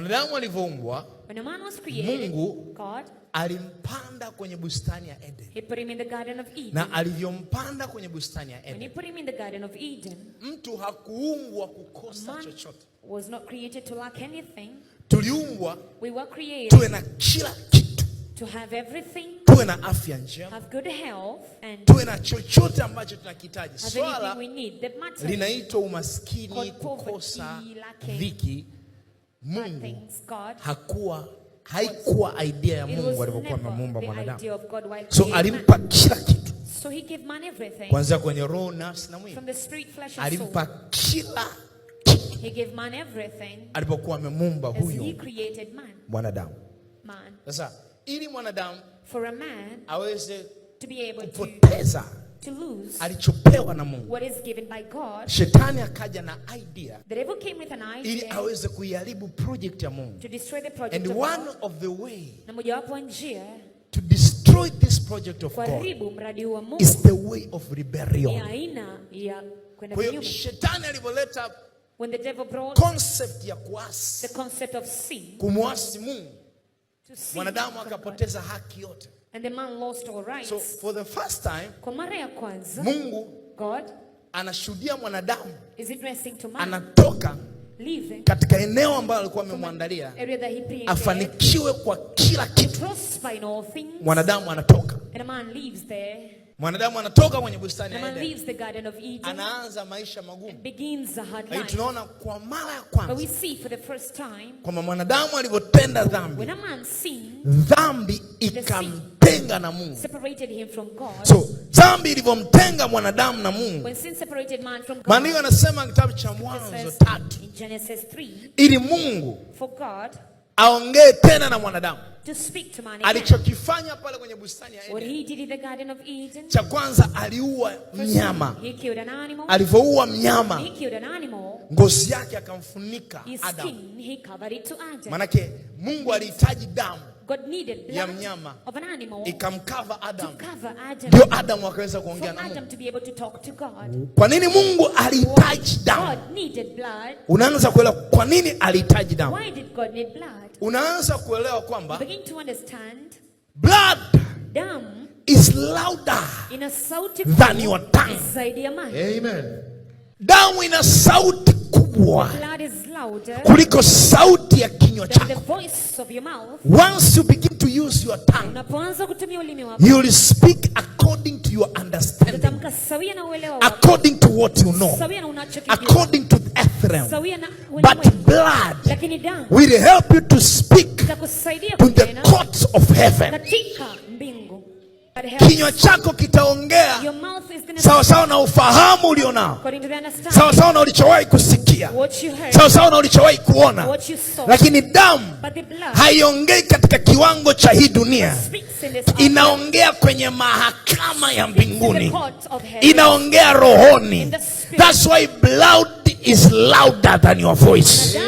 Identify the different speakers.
Speaker 1: Wanadamu walivyoumbwa, Mungu alimpanda kwenye bustani ya Eden, na alivyompanda kwenye bustani ya Eden, mtu hakuumbwa kukosa chochote. Tuliumbwa tuwe na kila kitu, tuwe na afya njema, tuwe na chochote ambacho tunakihitaji. Swala linaitwa umaskini, kukosa dhiki Mungu hakuwa haikuwa idea ya Mungu alipokuwa amemuumba mwanadamu. So alimpa kila kitu so kuanzia kwenye roho, nafsi na mwili, alimpa kila kitu alipokuwa amemuumba huyo mwanadamu. Sasa ili mwanadamu aweze kupoteza to lose alichopewa na Mungu, what is given by God. Shetani akaja na idea, the devil came with an idea ili aweze kuiharibu project ya Mungu, to destroy the project and of one of the way na mojawapo njia to destroy this project of kuharibu mradi wa Mungu is the way of rebellion. Ni aina ya kwenda kinyume. Kwa hiyo shetani alivyoleta When the devil brought concept ya kuasi, the concept of sin, kumwasi Mungu, akapoteza haki yote. And the man lost all rights. So for the first time, kwa mara ya kwanza Mungu God anashuhudia mwanadamu anatoka Leave, katika eneo ambalo alikuwa amemwandalia afanikiwe kwa kila kitu. Mwanadamu anatoka. And a man leaves there. Mwanadamu anatoka kwenye bustani ya Eden, anaanza maisha magumu. tunaona kwa mara ya kwanza kwamba mwanadamu alipotenda dhambi, dhambi ikamtenga na Mungu. So dhambi ilivyomtenga mwanadamu na Mungu, maandiko yanasema kitabu cha Mwanzo tatu, ili Mungu aongee tena na mwanadamu. Alichokifanya pale kwenye bustani ya Eden, cha kwanza aliua mnyama. Alivyoua mnyama, ngozi yake akamfunika Adam. Manake Mungu alihitaji damu ya mnyama ikamkava Adam, ndio Adam akaweza kuongea na Mungu. Kwa nini Mungu alihitaji damu? Unaanza kuelewa kwa nini alihitaji damu, unaanza kuelewa kwamba blood is louder than your tongue. Amen. Damu ina sauti kubwa kuliko sauti ya kinywa chako. Once to speak according to your understanding, according to what you know, according to the earth realm. But blood will help you to speak to the courts of heaven kinywa chako kitaongea sawasawa na ufahamu ulionao, sawasawa na ulichowahi kusikia, sawasawa na ulichowahi kuona. Lakini damu haiongei katika kiwango cha hii dunia, inaongea kwenye mahakama ya mbinguni, inaongea rohoni. That's why blood is louder than your voice.